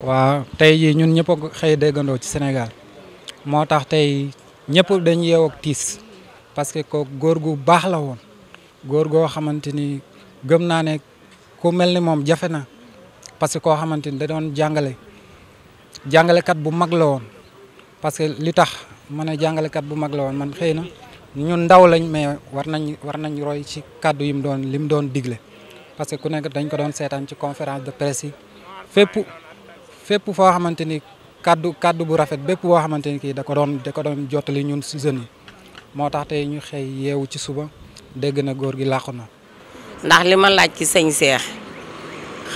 waaw tey jii ñun ñëpp a xëy déggandoo ci Sénégal moo tax tey ñëpp dañu yeew ak tiis parce que ko góor gu baax la woon góor goo xamante ni gëm naa ne ku mel ni moom jafe na parce que koo xamante ni da doon jàngale jàngalekat bu mag la woon parce que li tax ma ne jàngalekat bu mag la woon man xëy na ñun ndaw lañ mais war nañ war nañ roy ci kàddu yi mu doon li mu doon digle parce que ku nekk dañ ko doon seetaan ci conférence de presse yi fépp fépp foo xamante ni kaddu kaddu bu rafet bépp boo xamante ni kii da doon da ko doon jottali ñun si jeunes yi moo tax te ñu xëy yeewu ci suba dégg na góor gi làqu na. ndax li ma laaj ci sëñ Seex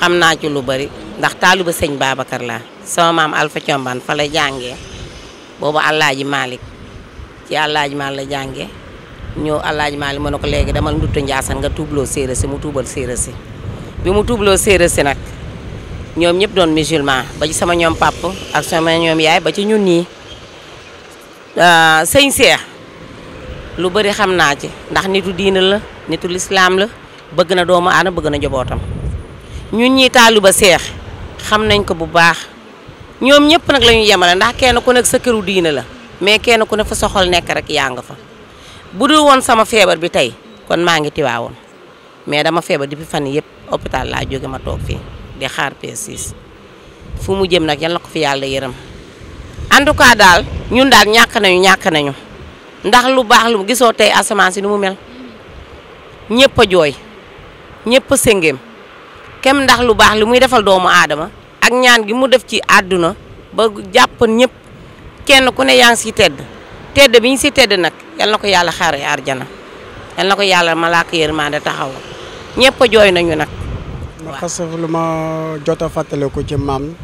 xam naa ci lu bari ndax taaliba sëñ Babacar laa sama maam Alpha Combaan fa la jànge boobu Alaaji Malick ci Alaaji Malick la jànge ñëw Alaaji Malick ma ne ko léegi dama nduttu Njaasaan nga tuubloo séeréer si mu tuubal séeréer si bi mu tuubloo séeréer si nag. ñom ñep doon musulman ba ci sama ñom pap ak sama ñom yaay ba ci ñun euh ah, seigne cheikh lu bari xamna ci ndax nitu diina la nitu l'islam la bëgg na doomu aadama bëgg na jobotam ñun ñi taluba cheikh xam nañ ko bu baax ñom ñep nak lañu yemale ndax kenn ku nekk sa këru diina la mais kenn ku ne fa soxol nek rek yaa nga fa bu dul sama fièvre bi tay kon maangi tiwaawon mais dama fièvre depuis fan yépp hôpital la joggé ma tok fi di xaar P6 fu mu jëm nak yalla ko fi yalla yeeram en tout cas dal ñun dal ñak nañu ñak nañu ndax lu bax lu gisoo tay asaman si nu mu mel ñepp joy ñepp sengem kem ndax lu bax lu muy defal doomu adama ak ñaan gi mu def ci aduna ba japp ñepp kenn ku ne yaang si tedd tedd biñ ñu si tedd nak yalla na ko yàlla arjana yalla na ko yàlla malaaka taxaw ñepp joy nañu nak xasaf lu ma jot a ko ci maam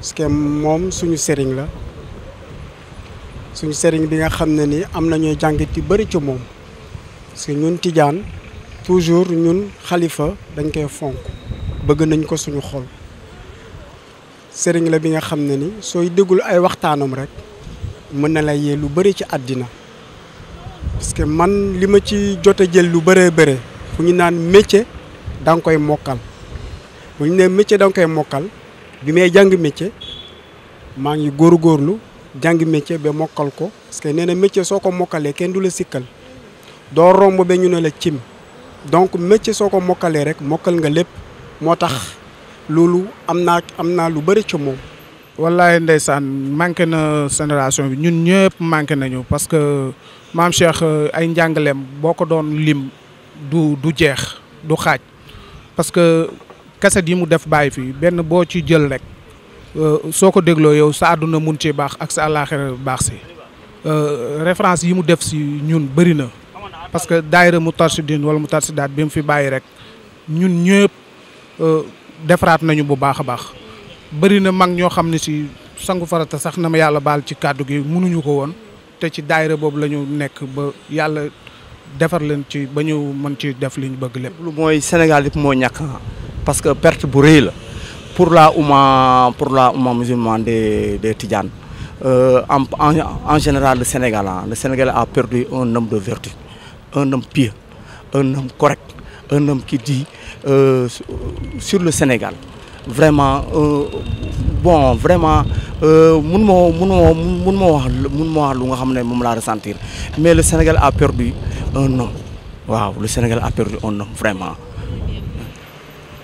parce moom suñu sëriñ la suñu sëriñ bi nga xam ne ni am nañuy jàngit yu bëri ci moom parce que ñun tijaan toujours ñun xalifa dañ koy fonk bëgg nañ ko suñu xol sëriñ la bi nga xam ne ni sooy déglu ay waxtaanam rek mën na la yee lu bëri ci àddina parce que man li ma ci jot a jël lu bëree bëre fu ñu naan métier da nga koy mokkal bu ñu nee métier da nga koy mokkal bi may jàng métier maa ngi góor góorgóorlu jàng métier ba mokkal ko parce que nee na métier soo ko mokkalee kenn du la sikkal doo romb ba ñu ne la cim donc métier soo ko mokkalee rek mokkal nga lépp moo tax loolu am naa am naa lu bëri ci moom. wallaay ndeysaan manqué na sénération bi ñun ñëpp manqué nañu parce que maam Cheikh ay njàngaleem boo ko doon lim du du jeex du xaaj parce kaset yi mu def bàyyi fii benn boo ci jël rek euh, soo ko dégloo yow sa àdduna mun ci baax ak sa àllaaxira baax si euh, référence yi mu def si ñun bëri na parce que daayira mu tarsidin wala mu tarsidaat bi mu fi bàyyi rek ñun ñëpp euh, defaraat nañu bu baax a baax bëri na mag ñoo xam ne si sangu farata sax na ma yàlla baal ci kàddu gi mënuñu ko woon te ci daayira boobu lañu nekk ba yàlla defar leen ci ba ñu mën ci def li ñu bëgg lépp. mooy Sénégal yëpp moo ñàkk parce que perte pour pour la pour la musulmane des des euh, en en général le Sénégal hein, le Sénégal a perdu un homme de vertu un homme pieux un homme correct un homme qui dit euh, sur le Sénégal vraiment euh, bon vraiment je ne ressentir mais le Sénégal a perdu un homme le Sénégal a perdu un homme vraiment.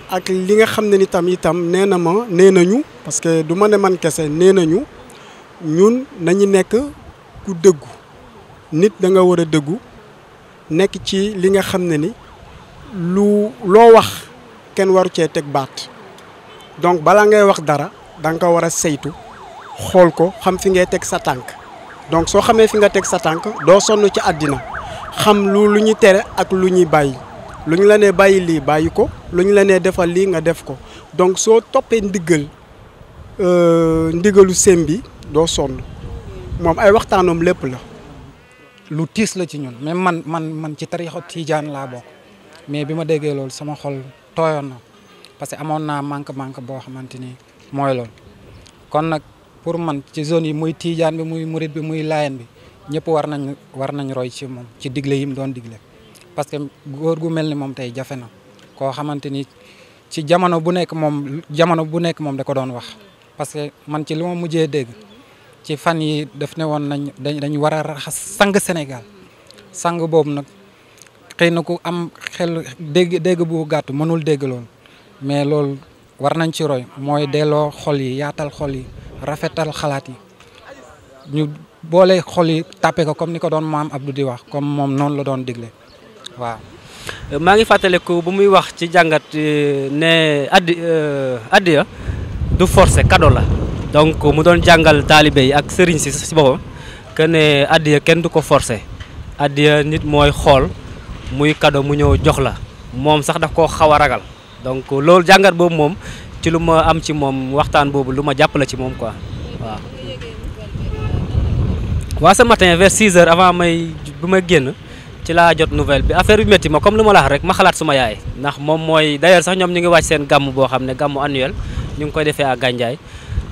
ak li nga xam ne ni tam itam nee na ma nee nañu parce que du ma ne man kese nee nañu ñun nañu nekk ku dëggu nit da nga war a dëggu nekk ci li nga xam ne ni lu loo wax kenn waru cee teg baat donc balaa ngay wax dara danga ko war a saytu xool ko xam fi ngay teg sa tànk donc soo xamee fi nga teg sa tànk doo sonn ci àddina xam lu lu ñuy tere ak lu ñuy bàyyi lu ñu la né bayyi li bayyi ko lu ñu la né defal li nga def ko donc so topé ndigal euh, ndigalu sembi do mom ay waxtanom lepp la. lu tiss la ci ñun même man man man ci tarixa tidiane la bok mais bima déggé lool sama xol toyona na parce que amon na manque manque purman xamanteni moy lool kon nak pour man ci zone yi muy tidiane bi muy mouride bi muy layen bi ñepp war nañ war nañ roy ci mom ci diglé yi doon digle parce que góor gu melni mom tay jafena ko xamanteni ci jamono bu nek mom jamono bu nek mom da ko don wax parce que man ci luma mujjé mujjee dégg ci fan yi daf ne won nañ dañ wara sang Sénégal sang nak am xel deg dégg bu gàtt mënul dégg lool mais lool war nañ ci roy moy yatal xol yi yaatal xol yi rafetal xalaat yi ñu bolé xol yi tapé ko comme niko ko mam Abdou di wax comme mom non la don digle waaw euh, maa ngi ko bu muy wax ci jangat euh, ne adi euh, ya du force cadeau la donc mu mudon jangal tali yi ak sëriñ si si boppam ne adi ya du ko adi addiya nit mooy xool muy cadeau mu ñëw jox la moom sax daf ko xaw ragal donc loolu jàngat boobu moom ci lu am ci moom waxtaan boobu lu ma jàpp la ci moom quoi wa sa ce matin vers 6 h avant may buma génn. ci laa jot nouvelle bi affaire bi métti ma comme lu ma la wax rek ma xalaat suma yaay ndax moom mooy d'ailleurs sax ñoom ñu ngi wàcc seen gàmm boo xam ne gàmmu annuel ñu ngi koy defee à Gandiaye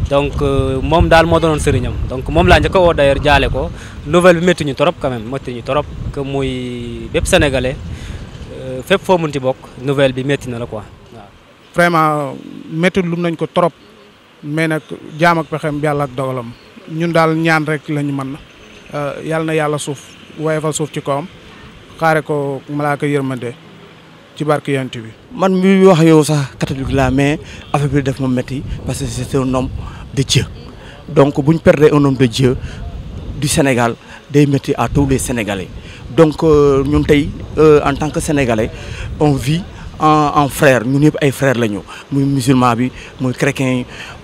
donc euh, moom daal moo doonoon sëriñam donc moom laa njëkk a woo d'ailleurs jaale ko nouvelle bi métti ñu trop quand même ñu trop que muy bépp euh, fépp foo munti bokk nouvelle bi métti na la ko waaw. vraiment métti lu nañ ko trop mais nag jaam ak yàlla ak dogalam ñun daal ñaan rek lañu mën euh, yàlla na yàlla suuf woyofal suuf ci kawam. xaare ko malaaka yërmande ci barke yant bi. man mi wax yow sax catholique laa mais affaire bi def moom métti parce que c'est un homme de donc bu ñu perdre un homme de Dieu du Sénégal day métti à tous les Sénégalais donc euh, ñun tey euh, en tant que sénégalais on vit. en frère nous sommes frères nous, muy musulman nous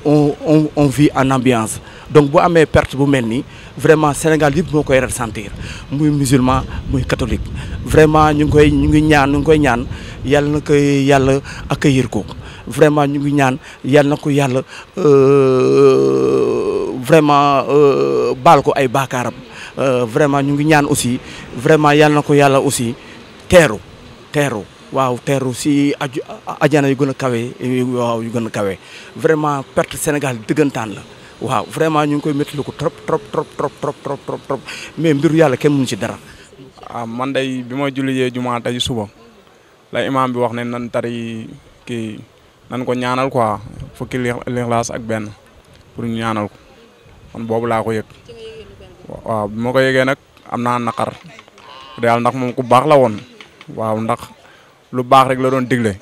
on vit en ambiance donc bu vous perte bu le vraiment Sénégal yëpp moo ressentir muy musulman catholique vraiment nous nous nous nous ñaan ñu nous nous ñaan accueillir vraiment nous sommes ñaan Nous euh, vraiment euh, euh, vraiment aussi vraiment aussi terre. waaw teeru si aju ajana yu gën a kawe waaw gën a kawe vraiment perte Sénégal dëggantaan la waaw vraiment ñu ngi koy métti trop trop trop trop trop trop trop trop mais mbiru yàlla kenn mënu ci dara. a ah, man day bi ma jullijee jumaa tey suba la imaam bi wax ne nan tari kii nan ko ñaanal quoi fukki lixlaas ak benn pour ñu ñaanal ko man boobu laa ko yëg. waaw bi ma ko yëgee nag am naa naqar yàlla ndax moom ku baax la woon waaw ndax. lu baax rek la doon digle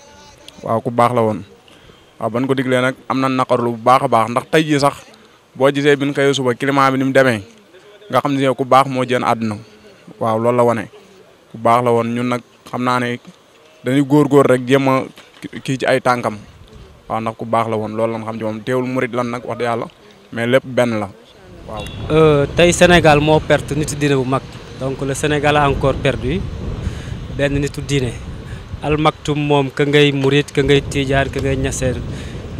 waaw ku baax la woon waaw ban ko diglee nag am na naqarlu bu baax a baax ndax tey jii sax boo gisee bi ñu xëyee suba climat bi ni mu demee nga xam ne ku baax moo jën àdduna waaw loolu la wane ku baax la woon ñun nag xam naa ne dañuy góor-góor rek jéem a kii ci ay tànkam waaw ndax ku baax la woon loolu lan xam ci moom teewul murit lan nag wax dëgg yàlla mais lépp benn la waaw. Euh, tey Sénégal moo perte nitu diine bu mag donc la Sénégal a encore perdu benn nitu diine. almaktum moom ka ngay murit ka ngay tiijaan ka ngay ñaseen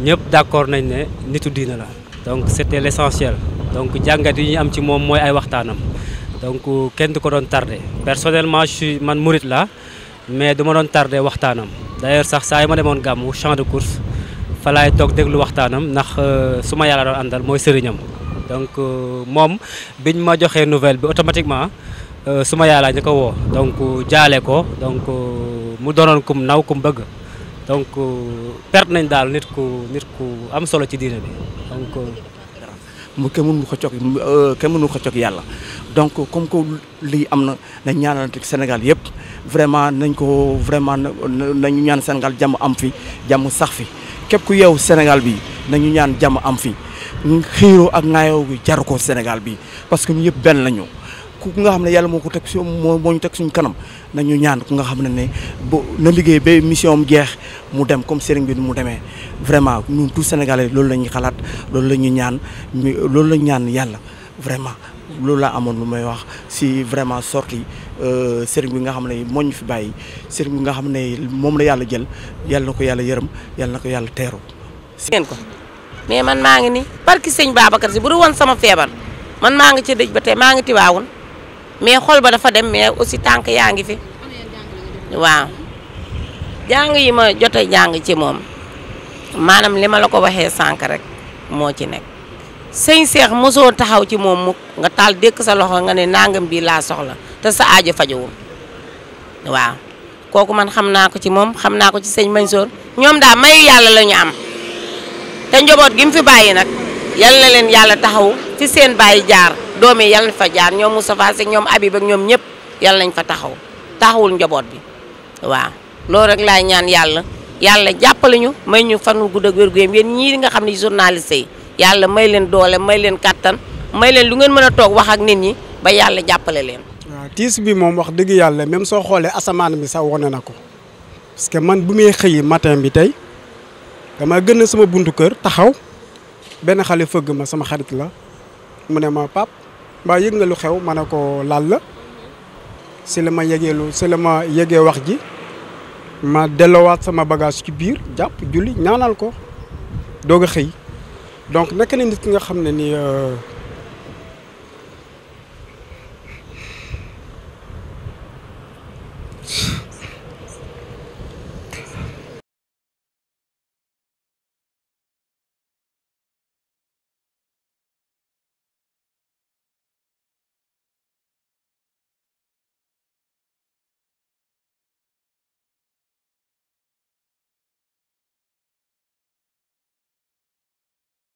ñëpp d'accord nañ ne nitu diina la donc c'était l'essentiel donc jàngat yi ñu am ci moom mooy ay waxtaanam donc kenn du ko doon tardé personnellement je suis man murit la mais du doon tardé waxtaanam d'ailleurs sax saa yi ma demoon gàmmu champ de course fa laay toog déglu waxtaanam ndax euh, su ma yàlla doon àndal mooy sëriñam donc euh, moom biñ ma joxee nouvelle bi automatiquement euh, su ma yàlla ñu ko woo mu doonoon kum naw kum bëgg donc euh, perte nañ daal nit ku nit ku am solo ci diine bi donc. Euh, mu kenn mënu xëccoog euh, kenn mënu xëccoog yàlla donc comme que lii am na nañ ñaanal Sénégal yëpp vraiment nañ ko vraiment nañu ñaan Sénégal jàmm am fi jàmm sax fi képp ku yeewu Sénégal bi nañu ñaan jàmm am fi xiiroo ak ŋaayoo gi jaru ko Sénégal bi parce que ñu yëpp benn lañu ku nga xam ne yàlla moo ko teg moo moo ñu teg suñu kanam nañu ñaan ku nga xam ne ne bu na liggéey ba mission am jeex mu dem comme sëriñ bi mu demee vraiment ñun tout Sénégalais loolu la ñuy xalaat loolu la ñuy ñaan loolu la ñu ñaan yàlla vraiment loolu laa amoon lu may wax si vraiment sorti euh, sëriñ bi nga xam ne moo ñu fi bàyyi sëriñ bi nga xam ne moom la yàlla jël yàlla na ko yàlla yërëm yàlla na ko yàlla teeru. ngeen ko mais man maa ngi ni barki sëñ ka si bu dul woon sama feebar man maa ngi ci dëj ba tey maa ngi tiwaawoon mais xol ba dafa dem mais aussi tànk yaa ngi fi waaw jàng yi ma jot jàng ci moom maanaam li ma la ko waxee sànq rek moo ci nekk sëñ seex mosoo taxaw ci moom mukk nga taal dékk sa loxo nga ne nangam bii laa soxla te sa aajo fajowul waaw kooku man xam naa ko ci moom xam naa ko ci sëñ Mansour ñoom daa mayu yàlla la ñu am te njoboot gi mu fi bàyyi nag yal na leen yàlla taxaw ci seen bàyyi jaar doomi yalla fa jaar ñoom Moustapha Seck ñom abib ak ñom ñep yalla lañ fa taxaw taxawul njabot bi waaw loolu rek laay ñaan yalla yalla jàppale ñu may ñu fanu gudd ak wér gu yéen ñii nga xamni journaliste yi yàlla may leen doole may leen katan may leen lu ngeen mëna tok wax ak nit ñi ba yalla jappalé leen. bi mom wax deug yalla même so xolé asaman bi sa woné nako parce que man bu may xey matin bi tay dama gën sama buntu kër taxaw ben xalé fëgg ma sama xarit la mune ma pap mbaa yëg nga lu xew ma ne ko laal la si la ma yëgee lu si la ma yëgee wax ji ma delloowaat sama bagage ci biir jàpp julli ñaanal ko doog a xëy donc nekk na nit ki nga xam ne ni euh,